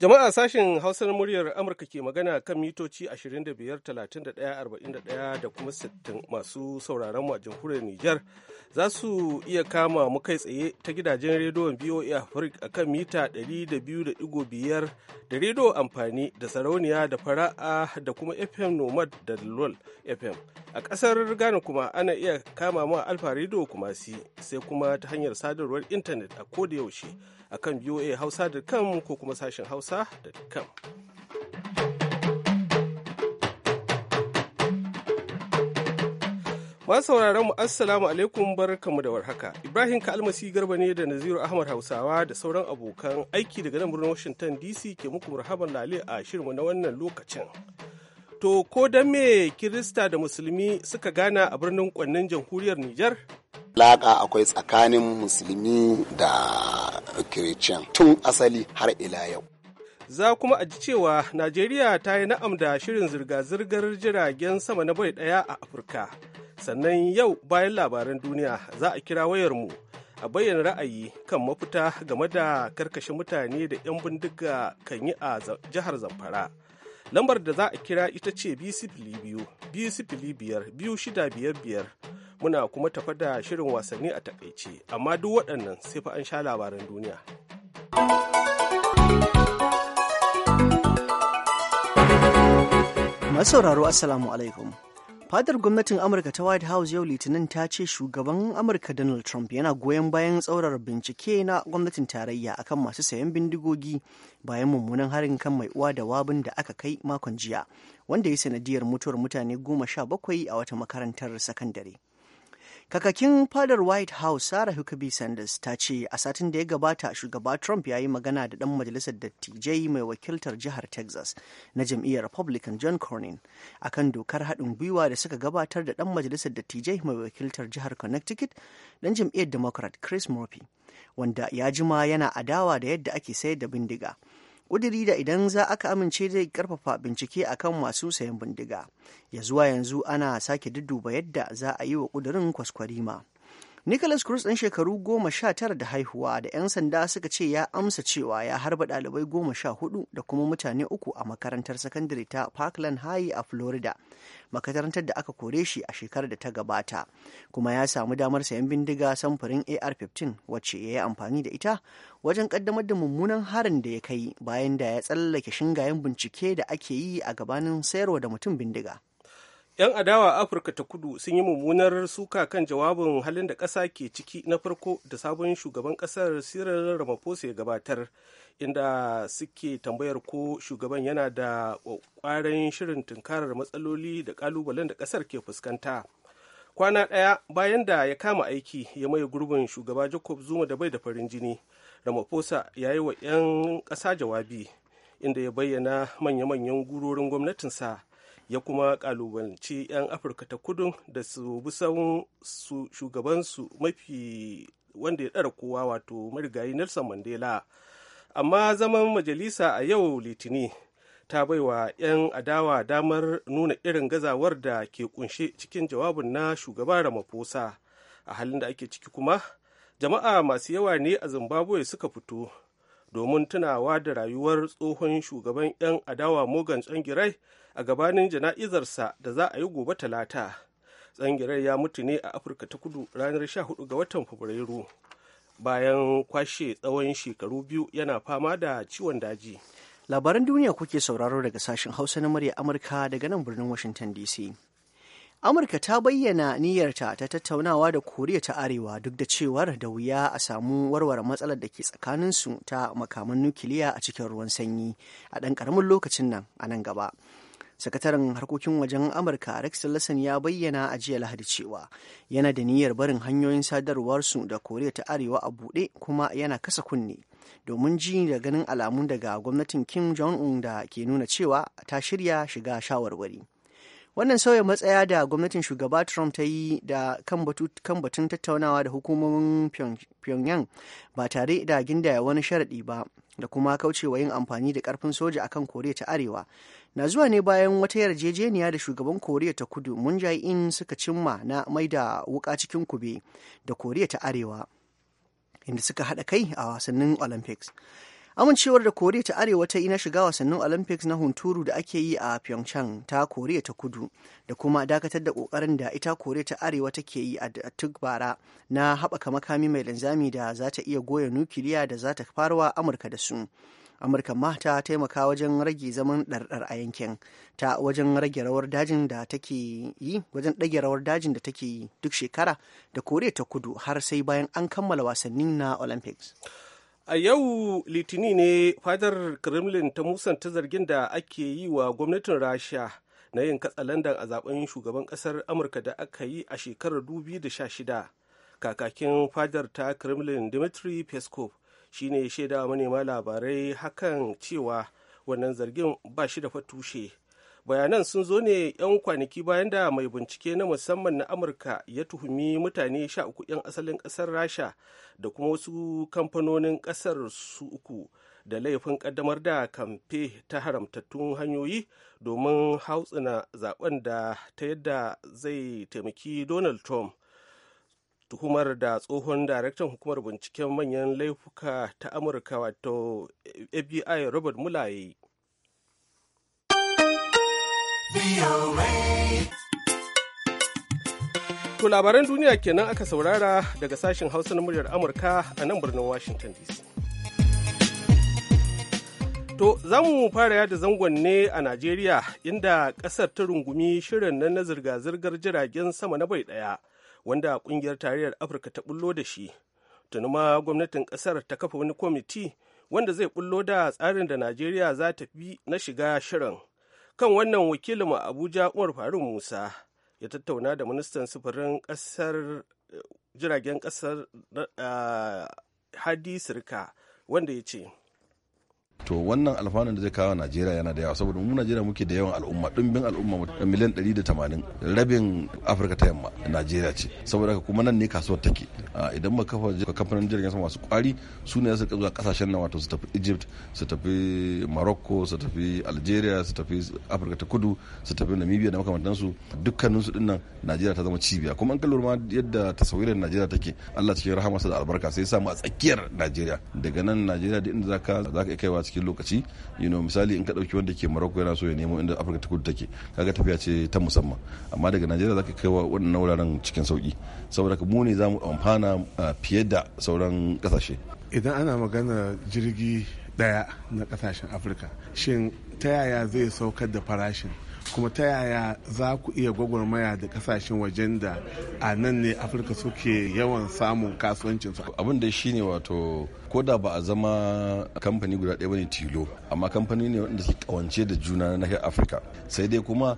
Jama'a sashen Hausar muryar Amurka ke magana kan mitoci 25-31-41 da kuma 60 masu sauraron mu a jamhuriyar Nijar za su iya kama mu kai tsaye ta gidajen rediyon BOA Africa a kan mita 200.5 da rediyo amfani da sarauniya da fara'a da kuma FM Nomad da Lol FM. A ƙasar Ghana kuma ana iya kama mu a Alfa Radio kuma si sai kuma ta hanyar sadarwar intanet a koda yaushe. akan voa hausa.com ko kuma sashen hausa.com Masu sauraron mu assalamu alaikum mu da warhaka. Ibrahim Kalmasi Garba ne da Naziru Ahmad Hausawa da sauran abokan aiki daga nan birnin Washington DC ke muku murhaban lale a shirinmu na wannan lokacin. To ko dan me Kirista da Musulmi suka gana a birnin kwannan jamhuriyar Nijar? Alaƙa akwai tsakanin Musulmi da Christian tun asali har ila yau. Za kuma a ji cewa Najeriya ta yi na'am da shirin zirga-zirgar jiragen sama na bai ɗaya a Afirka. Sannan yau bayan labaran duniya za a kira wayarmu a bayyana ra'ayi kan mafita game da karkashe mutane da 'yan bindiga kan yi a jihar Zamfara. lambar da za a kira ita ce biyar muna kuma tafa da shirin wasanni a takaice amma duk waɗannan sai fa an sha labaran duniya masauraro assalamu alaikum fadar gwamnatin amurka ta white house yau litinin ta ce shugaban amurka donald trump yana goyon bayan tsaurar bincike na gwamnatin tarayya akan masu sayan bindigogi bayan mummunan harin kan mai uwa da wabin da aka kai makon jiya wanda ya sanadiyar mutuwar mutane goma sha bakwai a wata makarantar sakandare Kakakin fadar White House Sarah Huckabee Sanders ta ce a satin da ya gabata shugaba Trump ya yi magana da dan majalisar dattijai mai wakiltar jihar Texas na jam'iyyar Republican John Cornyn akan dokar haɗin gwiwa da suka gabatar da dan majalisar dattijai mai wakiltar jihar Connecticut dan jam'iyyar Democrat Chris Murphy wanda ya jima yana adawa da yadda ake sayar da bindiga. ƙudiri da idan za aka amince zai karfafa bincike akan masu sayan bindiga ya zuwa yanzu ana sake dudduba yadda za a yi wa ƙudirin kwaskwarima. Nicholas Cruz ɗan shekaru goma sha tara da haihuwa da 'yan sanda suka ce ya amsa cewa ya harba ɗalibai goma sha hudu da kuma mutane uku a makarantar sakandare ta Parkland High a Florida, makarantar da aka kore shi a shekarar da ta gabata, kuma ya samu damar sayan bindiga samfurin AR-15 wacce ya yi amfani da ita wajen kaddamar da mummunan harin da ya kai bayan da ya tsallake shingayen bincike da ake yi a gabanin sayarwa da mutum bindiga. 'Yan adawa Afirka ta kudu sun yi mummunar suka kan jawabin halin da ƙasa ke ciki na farko da sabon shugaban ƙasar Cyril Ramaphosa ya gabatar, inda suke tambayar ko shugaban yana da kwarin shirin tunkarar matsaloli da kalubalen da ƙasar ke fuskanta. Kwana ɗaya bayan da ya kama aiki ya maye gurbin shugaba Jacob Zuma da bai da farin jini, Ramaphosa ya yi wa 'yan ƙasa jawabi, inda ya bayyana manya-manyan gurorin gwamnatinsa. ya kuma kalubalanci 'yan afirka ta kudu da su bi su shugabansu mafi wanda ya ɗara kowa wato marigayi nelson mandela amma zaman majalisa a yau litini ta baiwa 'yan adawa damar nuna irin gazawar da ke kunshe cikin jawabin na shugaba ramaphosa a halin da ake ciki kuma jama'a masu yawa ne a zimbabwe suka fito domin tunawa da rayuwar tsohon shugaban 'yan adawa Morgan Tsangirai a gabanin jana'izarsa da za a yi gobe talata. Tsangirai ya mutu ne a Afirka ta kudu ranar 14 ga watan Fabrairu bayan kwashe tsawon shekaru biyu yana fama da ciwon daji. Labaran duniya kuke sauraro daga sashen Hausa na murya Amurka daga nan birnin Washington DC. amurka ta bayyana niyyarta ta tattaunawa da koriya ta arewa duk da cewar da wuya a samu warware matsalar da ke tsakaninsu ta makaman nukiliya a cikin ruwan sanyi a ɗan ƙaramin lokacin nan a nan gaba sakataren harkokin wajen amurka rex tillerson ya bayyana a jiya lahadi cewa yana da niyyar barin hanyoyin sadarwarsu da koriya ta arewa a buɗe kuma yana kasa kunne domin ji da ganin alamun daga gwamnatin kim jong-un da ke nuna cewa ta shirya shiga shawarwari wannan sauya matsaya da gwamnatin shugaba trump ta yi da kan batun tattaunawa da hukumomin pyongyang ba tare da gindaya wani sharaɗi ba da kuma kaucewa yin amfani da karfin soja akan koriya ta arewa na zuwa ne bayan wata yarjejeniya da shugaban koriya ta kudu mun in suka cimma na mai da wuka cikin kube da koriya ta arewa inda suka haɗa kai a wasannin olympics amincewar da koriya ta arewa ta yi na shiga wasannin olympics na hunturu da ake yi a pyeongchang ta koriya ta kudu da kuma dakatar da kokarin da ita koriya ta arewa take yi a duk bara na haɓaka makami mai linzami da za ta iya goya nukiliya da za ta farawa amurka da su amurka ma ta taimaka wajen rage zaman ɗarɗar a yankin ta wajen rage rawar dajin da take yi wajen ɗage rawar dajin da take yi duk shekara da koriya ta kudu har sai bayan an kammala wasannin na olympics A yau Litini ne fadar Kremlin ta musanta zargin da ake yi wa gwamnatin Rasha na yin katsalandan a zaben shugaban kasar Amurka da aka yi a shekarar 2016. Kakakin fadar ta Kremlin Dmitry Peskov shi ne shaida manema labarai hakan cewa wannan zargin ba shi da fatushe bayanan sun zo ne 'yan kwanaki bayan da mai bincike na musamman na amurka ya tuhumi mutane 13 'yan asalin ƙasar rasha da kuma wasu kamfanonin ƙasar su uku da laifin ƙaddamar da kamfe ta haramtattun hanyoyi domin hautsina zaben da ta yadda zai taimaki donald trump tuhumar da tsohon daraktan hukumar binciken manyan laifuka ta amurka wato fbi robert mulaye To labaran duniya kenan aka saurara daga sashen Hausa na muryar Amurka a nan birnin Washington DC. To za mu fara yada zangon ne a Najeriya inda ƙasar ta rungumi shirin nan na zirga-zirgar jiragen sama na bai ɗaya wanda ƙungiyar tarayyar Afirka ta bullo da shi. tunuma ma gwamnatin ƙasar ta kafa wani kwamiti wanda zai bullo da tsarin da Najeriya za ta fi na shiga shirin. kan wannan wakilin a abuja umar faruk musa ya tattauna da ministan sufurin kasar jiragen kasar eh, hadi sirka wanda ya ce to wannan alfanun da zai kawo najeriya yana da yawa saboda mu najeriya muke da yawan al'umma dimbin al'umma miliyan 180 rabin afirka ta yamma najeriya ce saboda haka kuma nan ne kasuwar take idan ba kafa kamfanin jirgin sama masu kwari su ne za su zuwa kasashen nan wato su tafi egypt su tafi morocco su tafi algeria su tafi afirka ta kudu su tafi namibia da makamantansu dukkanin su dinnan najeriya ta zama cibiya kuma an kallon ma yadda tasawirin najeriya take allah cikin rahamarsa da albarka sai samu a tsakiyar najeriya daga nan najeriya da inda zaka zaka kaiwa cikin lokaci you know misali in ka dauki wanda ke Morocco yana so ya nemo inda Afirka ta kudu take kaga tafiya ce ta musamman amma daga Najeriya zaka kai wa wannan wuraren cikin sauki saboda ka mu ne zamu amfana fiye da sauran kasashe idan ana magana jirgi daya na kasashen Afirka shin ta yaya zai saukar da farashin kuma ta yaya za ku iya gwagwarmaya da kasashen wajen da a nan ne afirka suke yawan samun kasuwancinsu abin da shi wato ko da ba a zama kamfani guda ɗaya bane tilo amma kamfani ne wanda suke kawance da juna na nahiyar afirka sai dai kuma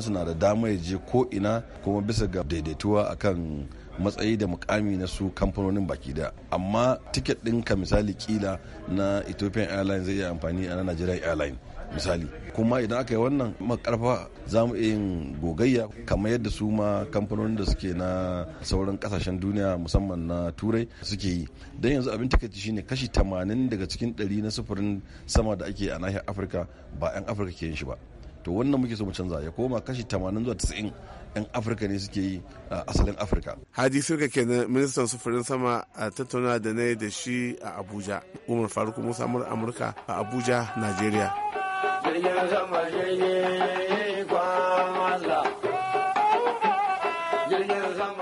su na da dama ya je ko ina kuma bisa ga daidaituwa a kan matsayi da mukami na su kamfanonin baki da amma tiket ɗinka misali kila na ethiopian airlines zai iya amfani a na nigerian airlines misali kuma idan aka yi wannan makarfa za mu iya yin gogayya kamar yadda su ma kamfanonin da suke na sauran kasashen duniya musamman na turai suke yi don yanzu abin takaici shine kashi 80 daga cikin 100 na sufurin sama da ake a nahiyar afirka ba 'yan afirka ke yin shi ba to wannan muke so mu canza ya koma kashi 80 zuwa 90 'yan afirka ne suke yi a asalin afirka hadi sirka kenan ministan sufurin sama a tattauna da na yi da shi a abuja umar faruk musa amurka a abuja nigeria jirgin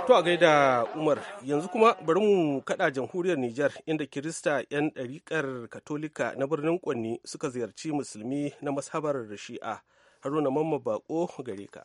To a gaida Umar, yanzu kuma bari mu kada jamhuriyar Nijar inda Kirista 'yan ɗariƙar Katolika na birnin Kwanni suka ziyarci musulmi na mashabar Shi'a. Haruna Mamma Bako gare ka.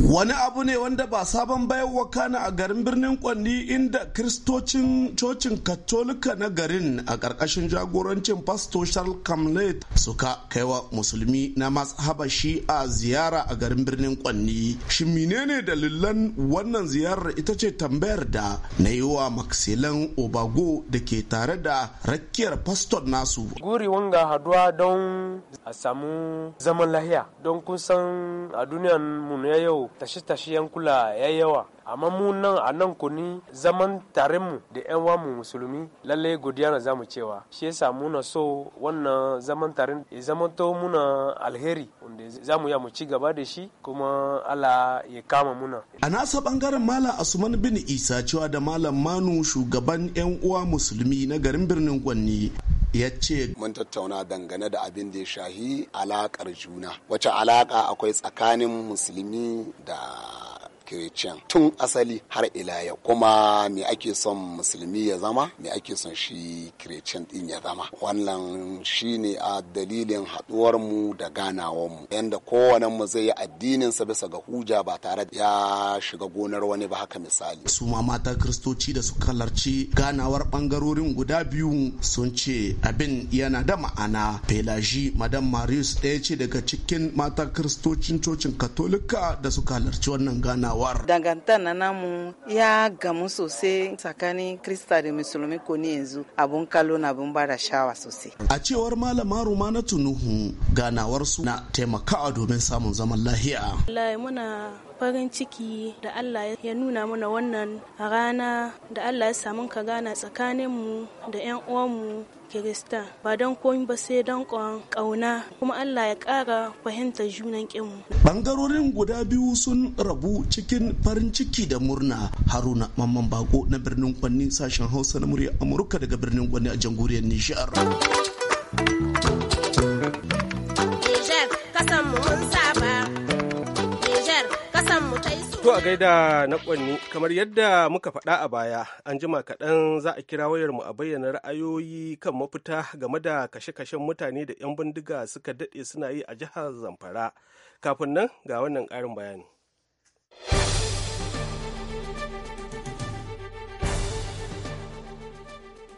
Wani abu ne wanda ba sabon bayan wakana a garin birnin Kwanni inda kristocin cocin katolika na garin a ƙarƙashin jagorancin Pasto Charles Camlet suka kaiwa musulmi na masu habashi a ziyara a garin birnin Kwanni. Shi menene dalilan wannan ziyarar ita ce tambayar da na yi wa Maxilan Obago da ke tare da rakiyar pastor nasu. Guri wanga haduwa don a samu zaman lahiya don kusan a duniyan mu na yau yau tashe yan kula ya yawa amma mu nan a nan kuni zaman tarinmu da 'yan wamu musulmi lalle godiya na zamu cewa shi yasa muna so wannan zaman tarin ya to muna alheri wanda zamu ya mu ci gaba da shi kuma Allah ya kama muna a nasa bangaren malam asuman bin isa cewa da malam manu shugaban 'yan uwa musulmi na garin birnin gwanni ya ce mun tattauna dangane da abin da ya shahi alakar juna wace alaka akwai tsakanin musulmi da Christian tun asali har ila yau kuma me ake son musulmi ya zama me ake son shi Christian din ya zama wannan shine a dalilin haɗuwar mu da ganawar mu yanda kowane mu zai yi addinin sa bisa ga huja ba tare da ya shiga gonar wani ba haka misali su ma mata kristoci da su halarci ganawar bangarorin guda biyu sun ce abin yana da ma'ana pelaji madam marius ɗaya ce daga cikin mata kristocin cocin katolika da suka halarci wannan ganawa war danganta namu ya gamu sosai tsakanin Krista da Musulmi ko ni yanzu abun kalo na abun bada shawa sosai. A cewar malama na Tunuhu ganawar su na taimakawa domin samun zaman lahiya. Allah muna farin ciki da Allah ya nuna muna wannan rana da Allah ya samu ka gana tsakaninmu da 'yan uwanmu Kirista ba don komi ba sai don ƙauna kuma Allah ya ƙara fahimta junan ƙinmu. Bangarorin guda biyu sun rabu cikin farin ciki da murna Haruna Mamman Bako na birnin Kwanni sashen Hausa na murya Amurka daga birnin Kwanni a jamhuriyar Nijar. To a gaida na kwanni kamar yadda muka faɗa a baya an jima kaɗan za a kira wayarmu a bayyana ra'ayoyi kan mafita game da kashe-kashen mutane da 'yan bindiga suka daɗe suna yi a jihar Zamfara. Kafin nan ga wannan ƙarin bayani.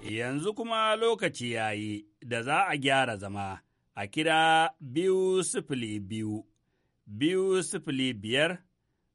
Yanzu kuma lokaci ya yi da za a gyara zama a kira biyu sifili biyu, biyu sifili biyar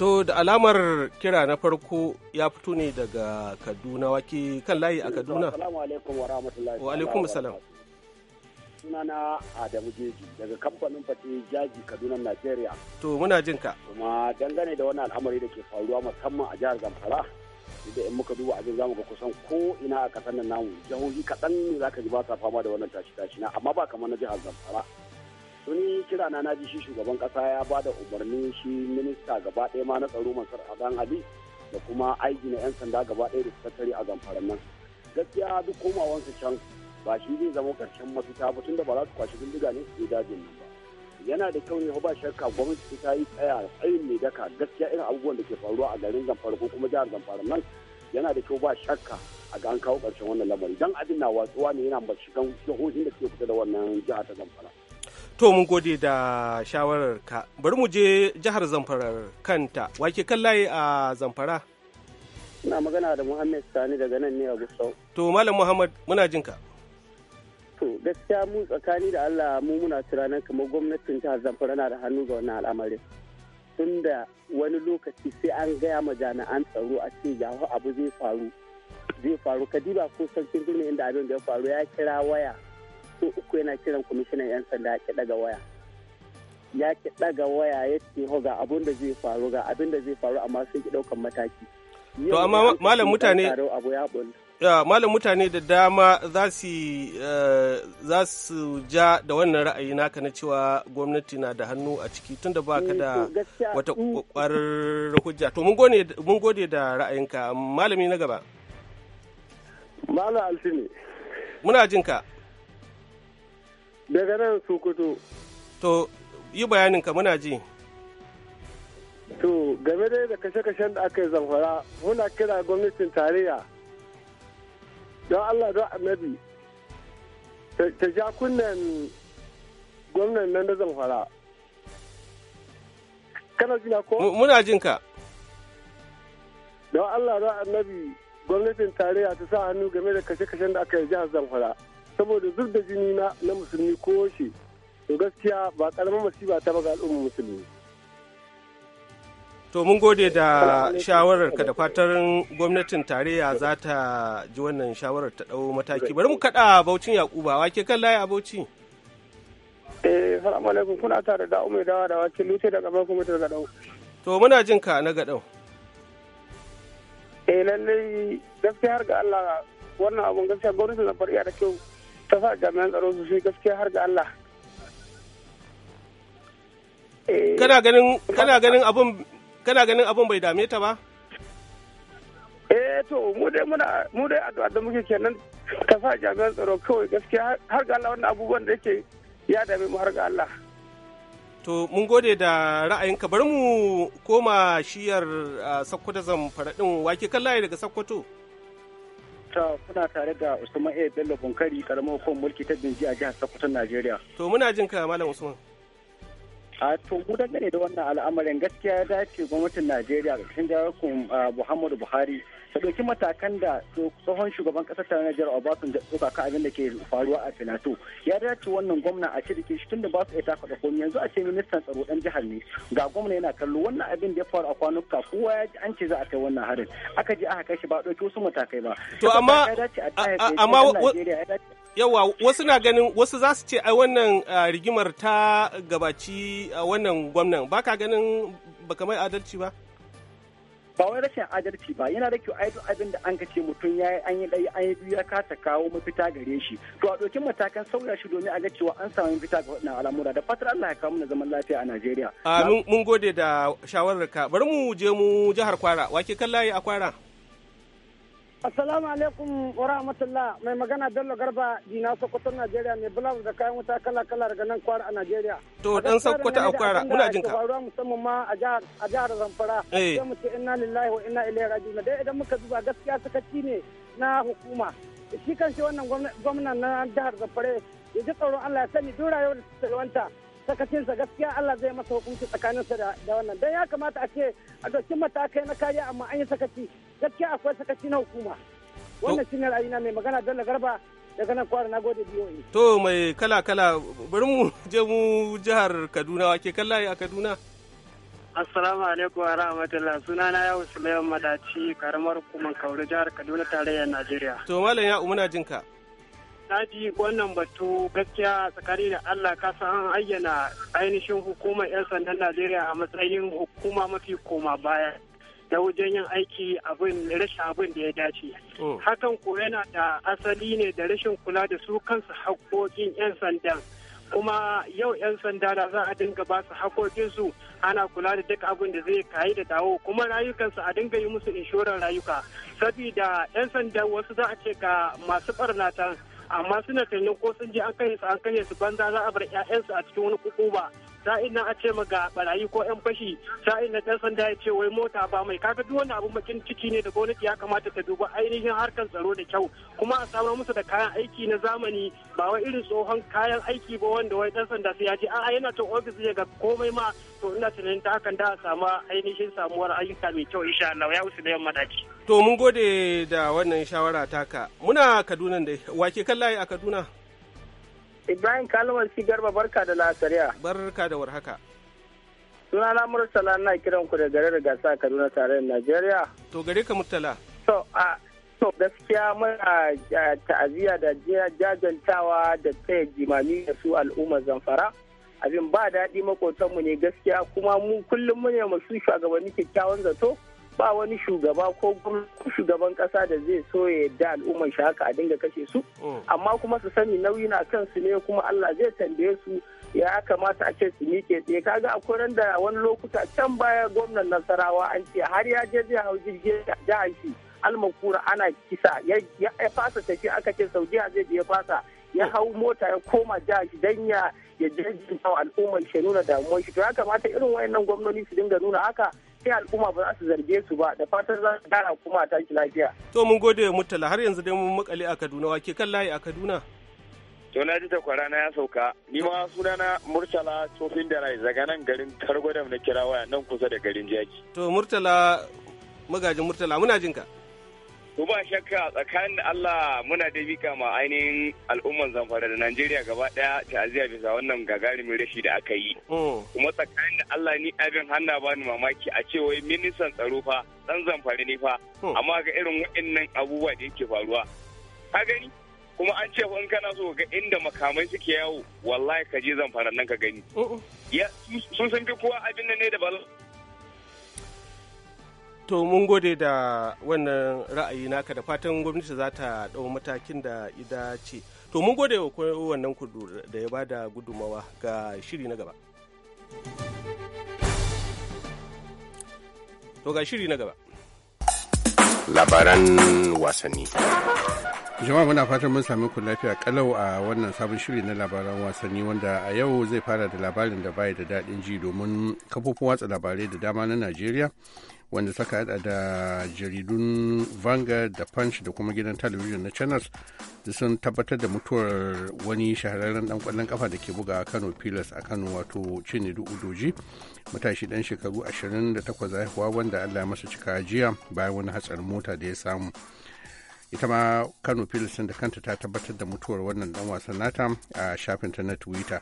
To da alamar kira na farko ya fito ne daga Kaduna wake kan layi a Kaduna. wa alaikum salam. Sunana Adamu Jeji daga kamfanin fate jaji Kaduna nigeria. To muna jin ka. Kuma dangane da wani al'amari da ke faruwa musamman a jihar Zamfara. Idan in muka duba abin zamu ga kusan ko ina a kasar nan namu jihohi kaɗan ne za ka ji ba sa fama da wannan tashi tashi na amma ba kamar na jihar Zamfara. tuni kira na naji shi shugaban kasa ya ba da umarnin shi minista gaba ɗaya ma na tsaro masar adan ali da kuma aiki na 'yan sanda gaba ɗaya da sakatare a zamfaran nan gaskiya duk komawansu can ba shi zai zama karshen mafita ba tunda ba za su kwashi bindiga ne su dajin nan ba yana da kyau ne ba shakka gwamnati ta yi tsaya tsayin mai daka gaskiya irin abubuwan da ke faruwa a garin zamfara ko kuma jihar zamfara nan yana da kyau ba shakka a ga an kawo karshen wannan lamari dan abin na watsuwa ne yana shigan jihohin da suke fita da wannan jiha ta zamfara To mun gode da shawarar ka. Bari mu je jihar Zamfarar kanta. Wake kan layi a Zamfara? Ina magana da Muhammad Sani daga nan ne a Gusau. To Malam Muhammad muna jin ka. To gaskiya mu tsakani da Allah mu muna tunanin kamar gwamnatin jihar Zamfara na da hannu ga wannan al'amarin. Tunda wani lokaci sai an gaya ma jami'an tsaro a ce yahu abu zai faru. Zai faru kadiba ko sarkin birnin inda abin da ya faru ya kira waya so uku yana kiran kwamishinan 'yan sanda ya daga waya ya ki daga waya ya ce ga abin da zai faru ga abin da zai faru amma sun ki daukan mataki to amma malam mutane malam mutane da dama za su eh, za su ja da wannan ra'ayi naka na cewa gwamnati na da hannu a ciki tunda ba ka eh, da wata mm. kwarar hujja to mun gode da ra'ayinka malami na gaba malam alfini muna jinka Daga nan Sokoto. To, yi bayanin ka muna ji. To, game dai da kashe-kashen da aka yi zamfara, muna kira gwamnatin tarayya. Don Allah don annabi, ta ja kunnen gwamnan nan da zamfara. Kana jina ko? Muna jin ka. Don Allah don annabi, gwamnatin tarayya ta sa hannu game da kashe-kashen da aka yi jihar zamfara. saboda zub da jini na na musulmi ko shi to gaskiya ba karamar masifa ta ba ga al'ummar musulmi to mun gode da shawarar ka da fatan gwamnatin tarayya za ta ji wannan shawarar ta dau mataki bari mu kada baucin yakuba wake kan layi a bauchi eh salamu alaikum kuna tare da umar dawa da wake lute daga barku mutu daga dau to muna jin ka na gadau eh lallai gaskiya har ga Allah wannan abun gaskiya gwamnatin zamfara iya da kyau ta jami'an tsaro su shi gaskiya har ga Allah eh, kana ganin kana ganin abun kana ganin abun bai dame ta ba eh to mu dai muna mu dai addu'a da muke kenan ka sa jami'an tsaro kawai gaskiya har ga Allah wannan abubuwan da yake ya dame mu har ga Allah to mun gode da ra'ayinka bari mu koma shiyar uh, ah, sakkwato zamfara din wake kan layi daga sakkwato ta kuna tare da Usman A Bello Bunkari karamar hukumar mulki ta Binji a jihar Sokoto Najeriya. To muna jin ka Malam Usman. a to mu dangane da wannan al'amarin gaskiya ya dace gwamnatin najeriya ƙarshen jarakun muhammadu buhari ta ɗauki matakan da tsohon shugaban ƙasar ta Nijar Obasanjo tsoka kan abin da ke faruwa a Filato ya dace wannan gwamna a cire shi da ba su iya taka komi yanzu a ce ministan tsaro ɗan jihar ne ga gwamna yana kallo wannan abin da ya faru a kwanuka kowa ya ji an ce za a kai wannan harin aka je aka kai shi ba ɗauki wasu matakai ba to amma amma yawa wasu na ganin wasu za su ce a wannan rigimar ta gabaci wannan gwamnan ba ka ganin ba kamar adalci ba ba wani rashin adalci ba yana da kyau a duk abin da an ka ce mutum ya yi an yi ɗaya an yi biyu ya kasa kawo mafita gare shi to a ɗauki matakan sauya shi domin a ga cewa an samu mafita ga waɗannan al'amura da fatar Allah ya kawo mana zaman lafiya a Najeriya. mun gode da shawararka bari mu je mu jihar Kwara wake kan layi a Kwara. Assalamu alaikum wa rahmatullah mai magana Bello Garba Dina Sokoto Najeriya mai bulawar da kayan wuta kala kala daga nan kwara a Najeriya. To dan Sokoto a kwara muna jin ka. Faruwa musamman ma a jihar a Zamfara. Eh. Sai mu ce inna lillahi wa inna ilaihi raji'un. Dai idan muka duba gaskiya sakaci ne na hukuma. Shi kan shi wannan gwamnan na jihar Zamfara ya ji tsoron Allah ya sani duk rayuwar da ta sakacinsa gaskiya Allah zai masa hukunci tsakaninsa da wannan don ya kamata a ce a ɗauki matakai na kariya amma an yi sakaci gaskiya akwai sakaci na hukuma wannan shine ra'ayina mai magana Bello Garba daga nan kwara nagode biyoyi to mai kala kala bari mu je mu jihar Kaduna wake kalla a Kaduna Assalamu alaikum wa rahmatullah suna na yawo Suleiman Madaci karamar kuma Kauri jihar Kaduna tarayyar Najeriya to malam ya umuna jinka Dadi wannan batu gaskiya tsakani da Allah ka san an ayyana ainihin hukumar 'yan sandan Najeriya a matsayin hukuma mafi koma baya. da wajen yin aiki abin rashin abin da ya dace. Hakan ko yana da asali ne da rashin kula da su kansu haƙoƙin 'yan sandan. kuma yau 'yan sanda da za a dinga ba su su ana kula da duk abin da zai kayi da dawo kuma rayukansu a dinga yi musu inshorar rayuka sabida 'yan sanda wasu za a ce ga masu barnatan amma suna tunanin ko sun je an kai su an kanye su banza za a bar 'ya'yansu a cikin wani ba sa'in nan a ce ma ga barayi ko yan fashi sa'in nan ɗan sanda ya ce wai mota ba mai kaga duk wani abun bakin ciki ne da gwamnati ya kamata ta duba ainihin harkar tsaro da kyau kuma a samar musu da kayan aiki na zamani ba wai irin tsohon kayan aiki ba wanda wai ɗan sanda sai ya ce a'a yana ta ofis ne ga komai ma to ina tunanin ta hakan da a samu ainihin samuwar ayyuka mai kyau insha Allah ya wuce da yamma daki. to mun gode da wannan shawara taka muna Kaduna da wake kallaye a Kaduna Ibrahim Kalmar si garba barka da lasariya. Barka da warhaka. Sunana Murtala na kiran ku da garin gasa Kaduna tarayyar Najeriya. To gare ka Murtala. So a so gaskiya muna ta'aziyya da jajantawa da taya jimami da su al'ummar zamfara. Abin ba daɗi makotanmu ne gaskiya kuma mu kullum mu ne shugabanni kyakkyawan zato. ba wani shugaba ko shugaban kasa da zai so ya yadda al'ummar shi haka a dinga kashe su mm. amma kuma su sani nauyi na kansu ne kuma Allah zai tambaye su ya kamata a ce su miƙe tsaye kaga akwai ran da wani lokuta can baya gwamnan Nasarawa an ce har ya je zai hau jirgin jihar shi almakura ana kisa ya fasa tafi aka ce sau jiya zai ya fasa ya hau mota ya koma jihar shi dan ya ya jirgin al'ummar shi nuna damuwar shi to ya kamata irin wayannan gwamnoni su dinga nuna haka sai al'umma ba za su zarge su ba da fatan za su gara kuma ta ki lafiya. To mun gode Murtala har yanzu dai mun makale a Kaduna wa ke kan layi a Kaduna. To na ji da kwarana ya sauka ni ma sunana Murtala Tsofin da Rai daga nan garin Kargodam na kira waya nan kusa da garin Jaki. To Murtala magajin Murtala muna jinka ka. ko ba shakka tsakanin Allah muna da mika ma ainihin al'umman zamfara da Najeriya gaba daya ta'aziyya bisa wannan gagarumin rashi da aka yi. Oh. Kuma tsakanin da Allah ni abin hanna ba ni mamaki a ce wai ministan tsaro fa dan zamfara ne fa oh. amma ga irin waɗannan abubuwa da yake faruwa. Ka gani? Kuma an ce in kana so ga inda makamai suke yawo wallahi ka je zamfara nan ka gani. Oh, sun san fi kowa abin nan ne da bala to mun gode da wannan ra'ayi naka da fatan gwamnati za ta ɗau matakin da ida ce to mun gode wa wannan kudu da ya bada gudumawa ga shiri na gaba to ga shiri na gaba labaran wasanni jama'a muna fatan mun sami ku lafiya kalau a wannan sabon shiri na labaran wasanni wanda a yau zai fara da labarin da bai da daɗin ji domin kafofin watsa labarai da dama na najeriya wanda suka hada da jaridun Vanguard da Punch da kuma gidan talabijin na Channels da sun tabbatar da mutuwar wani shahararren dan kwallon kafa da ke buga Kano Pilas a Kano wato da Udoji matashi dan shekaru 28 haihuwa wanda Allah masa cika jiya bayan wani hatsarin mota da ya samu. ita ma kano pilas da kanta ta tabbatar da mutuwar wannan dan wasan nata a shafinta na twitter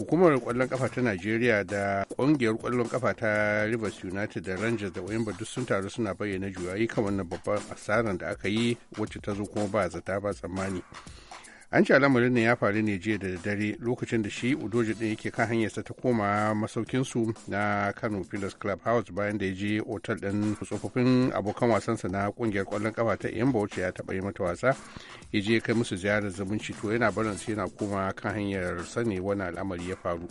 hukumar kwallon kafa ta najeriya da kungiyar kwallon kafa ta rivers united da rangers da wayamba duk sun taru suna bayyana juyayi kan wannan babban asaran da aka yi wacce ta zo kuma ba zata ba tsammani an ce al'amarin ne ya faru ne jiya da dare lokacin da shi udoji ɗin yake kan hanyarsa ta koma masaukinsu na kano pillars club house bayan da ya je otal ɗin tsofaffin abokan wasansa na ƙungiyar ƙwallon ƙafa ta iyan bauchi ya taɓa yi mata wasa ya je kai musu ziyarar zumunci to yana barin su yana koma kan hanyar sani wani al'amari ya faru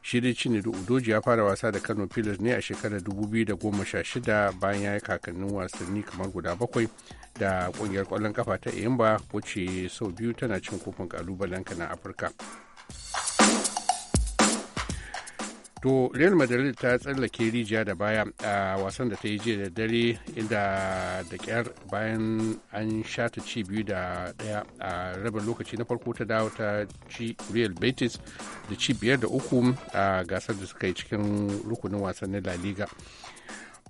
shi dai da udoji ya fara wasa da kano pillars ne a shekarar 2016 bayan ya yi kakannin wasanni kamar guda bakwai da kungiyar kwallon kafa ta Imba wacce sau biyu tana cin kofin kalubalen na Afirka. To Real Madrid ta tsallake rijiya da baya a wasan da ta yi jiya da dare inda da kyar bayan an shata ci biyu da daya a rabin lokaci na farko ta dawo ta ci Real Betis da ci biyar da uku a gasar da suka yi cikin rukunin wasannin La Liga.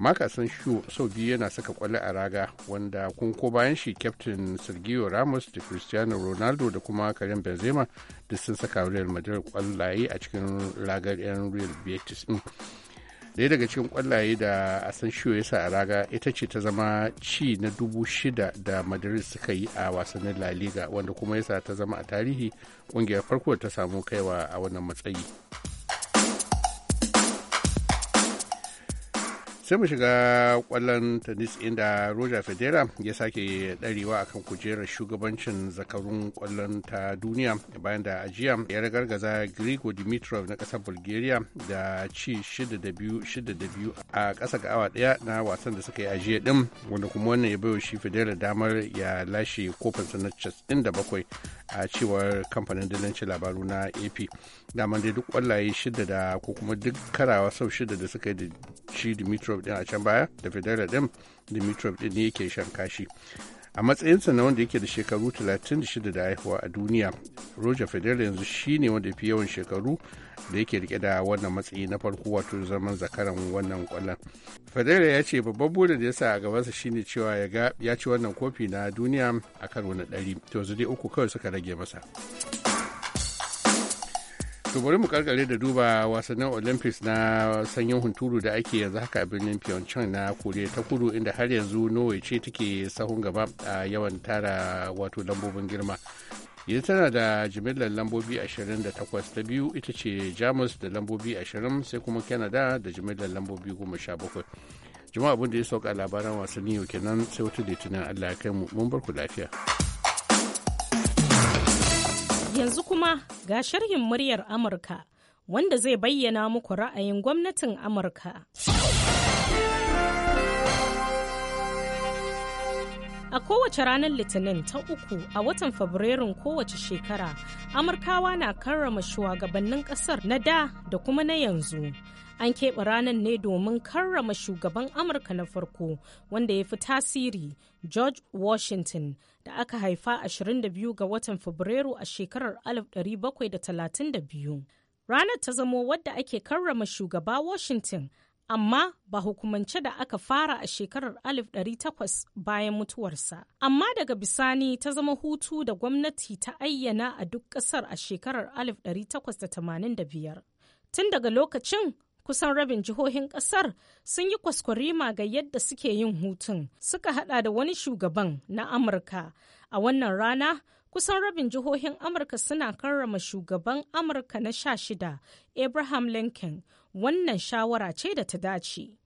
makasan shu sau biyu yana saka kwallo a raga wanda kunko bayan shi kyaftin sergio ramos da cristiano ronaldo da kuma karim benzema da sun saka real madrid kwallaye a cikin ragar yan real betis din daya daga cikin kwallaye da asensio ya sa a raga ita ce ta zama ci na dubu shida da madrid suka yi a wasannin la liga wanda kuma ya sa ta zama a tarihi kungiyar farko ta samu kaiwa a wannan matsayi sai mu shiga kwallon tennis inda roger federer ya sake ɗarewa akan kujerar shugabancin zakarun kwallon ta duniya bayan da ajiya ya ragargaza grigo dimitrov na kasar bulgaria da ci 6-2 a ƙasa ga awa ɗaya na wasan da suka yi ajiya ɗin wanda kuma wannan ya baiwa shi federer damar ya lashe kofin ɗin da bakwai. a cewar kamfanin dalancin labaru na ap daman dai duk kwallaye shida da ko kuma duk karawa sau shida da suka yi da shi dimitrov din a can baya da federal din dimitrov din ne yake shan kashi a matsayinsa na wanda yake da shekaru 36 da haihuwa a duniya roger federer yanzu shine wanda fi yawan shekaru da yake rike da wannan matsayi na farko wato zaman zakaran wannan kwallon federer ya ce babban burin da ya sa a gabansa shine cewa ya ga ya ci wannan kofi na duniya a karo na 100 to yanzu dai uku kawai suka rage masa To bari mu karkare da duba wasannin Olympics na sanyin hunturu da ake yanzu haka a birnin Pyeongchang na Koriya ta Kudu inda har yanzu Norway ce take sahun gaba a yawan tara wato lambobin girma. Yanzu tana da jimillar lambobi 28 ta biyu ita ce Jamus da lambobi 20 sai kuma Canada da jimillar lambobi 17. Jama'a abin da ya sauka labaran wasanni yau kenan sai wata litinin Allah ya kai mu mun bar ku lafiya. Yanzu kuma ga sharhin muryar Amurka wanda zai bayyana muku ra'ayin gwamnatin Amurka. A kowace ranar Litinin ta uku a watan Fabrairun kowace shekara, Amurkawa na karrama shugabannin ƙasar na da da kuma na yanzu. an keɓe ranar ne domin karrama shugaban amurka na farko wanda ya fi tasiri george washington da aka haifa 22 ga watan fabrairu a shekarar 1732 ranar ta zamo wadda ake karrama shugaba washington amma ba hukumance da aka fara a shekarar 1800 bayan mutuwarsa. Amma daga bisani ta zama hutu da gwamnati ta ayyana a duk ƙasar a shekarar 1885. Tun daga lokacin kusan rabin jihohin kasar sun yi kwaskwarima ga yadda suke yin hutun suka hada da wani shugaban na amurka a wannan rana kusan rabin jihohin amurka suna karrama shugaban amurka na sha shida abraham lincoln wannan shawara ce da ta dace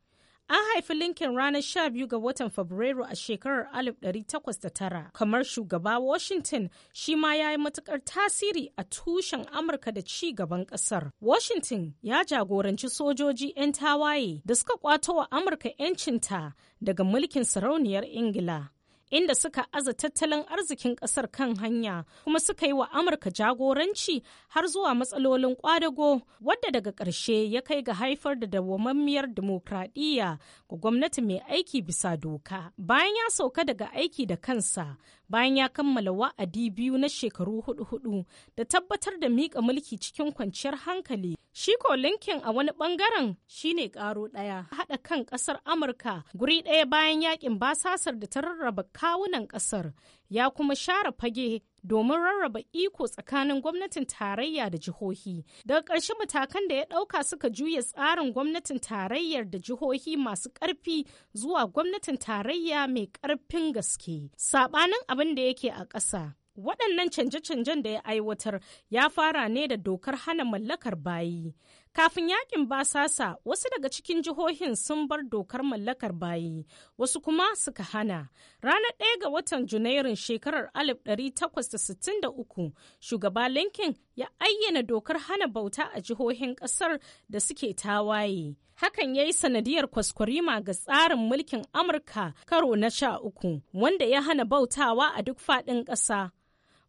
An haifi Lincoln ranar 12 ga watan Fabrairu a shekarar 1809. Kamar shugaba Washington shi ma ya yi matukar tasiri a tushen Amurka da ci gaban kasar. Washington ya jagoranci sojoji 'yan tawaye da suka kwato wa Amurka 'yancinta daga mulkin sarauniyar Ingila. inda suka aza tattalin arzikin ƙasar kan hanya kuma suka yi wa Amurka jagoranci har zuwa matsalolin ƙwadago wadda daga ƙarshe ya kai ga haifar da dawwammamiyar dimokuraɗiyya ga gwamnati mai aiki bisa doka. Bayan ya sauka daga aiki da kansa, bayan ya kammala wa'adi biyu na shekaru hudu-hudu da tabbatar da miƙa mulki cikin kwanciyar hankali. Shi ko linkin a wani bangaren shine ƙaro ɗaya haɗa kan ƙasar Amurka guri ɗaya bayan yakin basasar da ta rarraba kawunan ƙasar ya kuma share fage domin rarraba iko tsakanin gwamnatin tarayya da jihohi. Daga ƙarshe matakan da ya ɗauka suka juya tsarin gwamnatin tarayyar da jihohi masu ƙarfi zuwa gwamnatin tarayya mai ƙarfin gaske. Saɓanin abin da yake a ƙasa. waɗannan canje-canjen da ya aiwatar ya fara ne da dokar hana mallakar bayi kafin yakin basasa wasu daga cikin jihohin sun bar dokar mallakar bayi wasu kuma suka hana ranar ɗaya ga watan junairun shekarar 1863 shugaba lincoln ya ayyana dokar hana bauta a jihohin ƙasar da suke tawaye hakan ya yi sanadiyar kwaskwarima ga tsarin mulkin amurka karo na sha uku wanda ya hana bautawa a duk faɗin ƙasa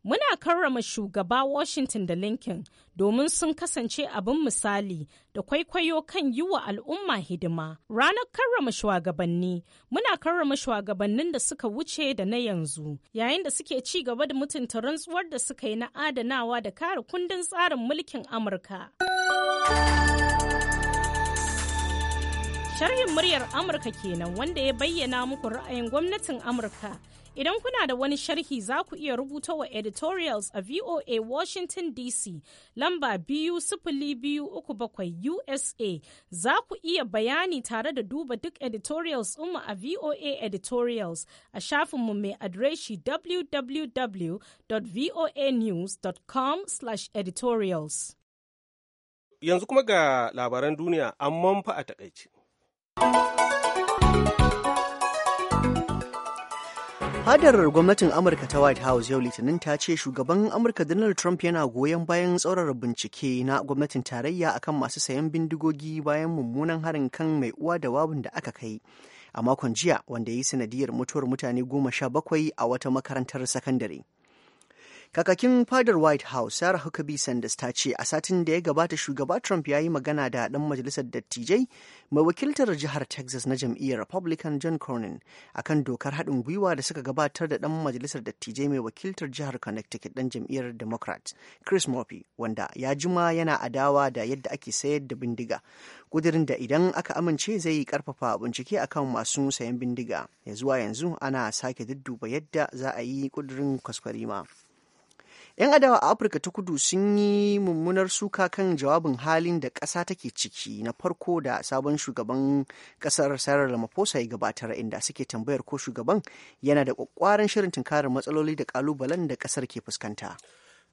Muna karrama shugaba Washington da Lincoln domin sun kasance abin misali da kwaikwayo kan yi wa al'umma hidima. Ranar karrama shugabanni, muna karrama shugabannin da suka wuce da na yanzu, yayin da suke ci gaba da mutunta rantsuwar da suka yi na adanawa da kare kundin tsarin mulkin Amurka. Sharhin muryar Amurka kenan wanda ya bayyana muku ra'ayin gwamnatin Amurka. Idan kuna da wani sharhi za ku iya rubuta wa editorials a VOA Washington DC lamba biyu sifili biyu uku bakwai USA za ku iya bayani tare da duba duk editorials umma a VOA editorials a shafin mu mai adireshi www.voanews.com/editorials. Yanzu kuma ga labaran duniya an fa a takaice. fadar gwamnatin amurka ta white house yau litinin ta ce shugaban amurka donald trump yana goyon bayan tsaurara bincike na gwamnatin tarayya akan masu sayan bindigogi bayan mummunan harin kan mai uwa da wabin da aka kai a makon jiya wanda ya yi sanadiyar mutuwar mutane goma sha bakwai a wata makarantar sakandare Kakakin fadar White House Sarah Huckabee Sanders ta ce a satin da ya gabata shugaba Trump ya yi magana da dan majalisar dattijai mai wakiltar jihar Texas na jam'iyyar Republican John Cornyn akan dokar haɗin gwiwa da suka gabatar da dan majalisar dattijai mai wakiltar jihar Connecticut dan jam'iyyar Democrat Chris Murphy wanda ya juma yana adawa da yadda ake sayar da bindiga. Kudirin da idan aka amince zai karfafa bincike akan masu sayan bindiga. Ya zuwa yanzu ana sake dudduba yadda za a yi kudirin kwaskwarima. 'Yan adawa a Afirka ta kudu sun yi mummunar suka kan jawabin halin da ƙasa take ciki na farko da sabon shugaban ƙasar Sarar Ramaphosa ya gabatar inda suke tambayar ko shugaban yana da ƙwaƙwaran shirin tunkarar matsaloli da ƙalubalen da ƙasar ke fuskanta.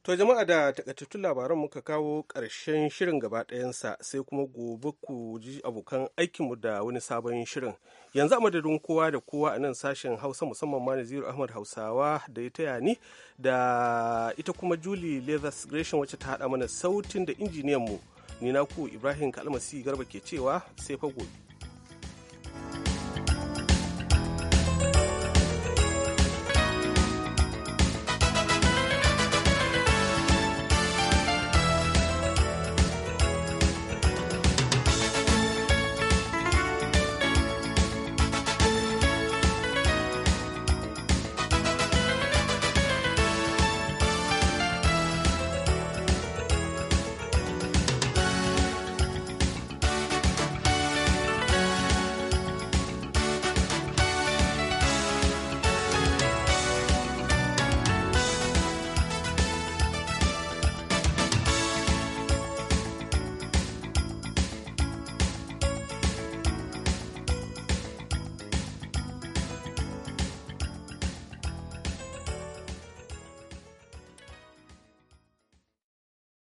To jama'a da takaitattun labaran muka kawo ƙarshen shirin gaba ɗayansa sai kuma gobe ku ji abokan aikinmu da wani sabon shirin. Yanzu a madadin kowa da kowa a nan sashen Hausa musamman ma Naziru Ahmad Hausawa da ya taya ni da ita kuma Julie Leathers Gresham wacce ta haɗa mana sautin da injiniyanmu. Ni na ku Ibrahim Kalmasi Garba ke cewa sai fa gobe.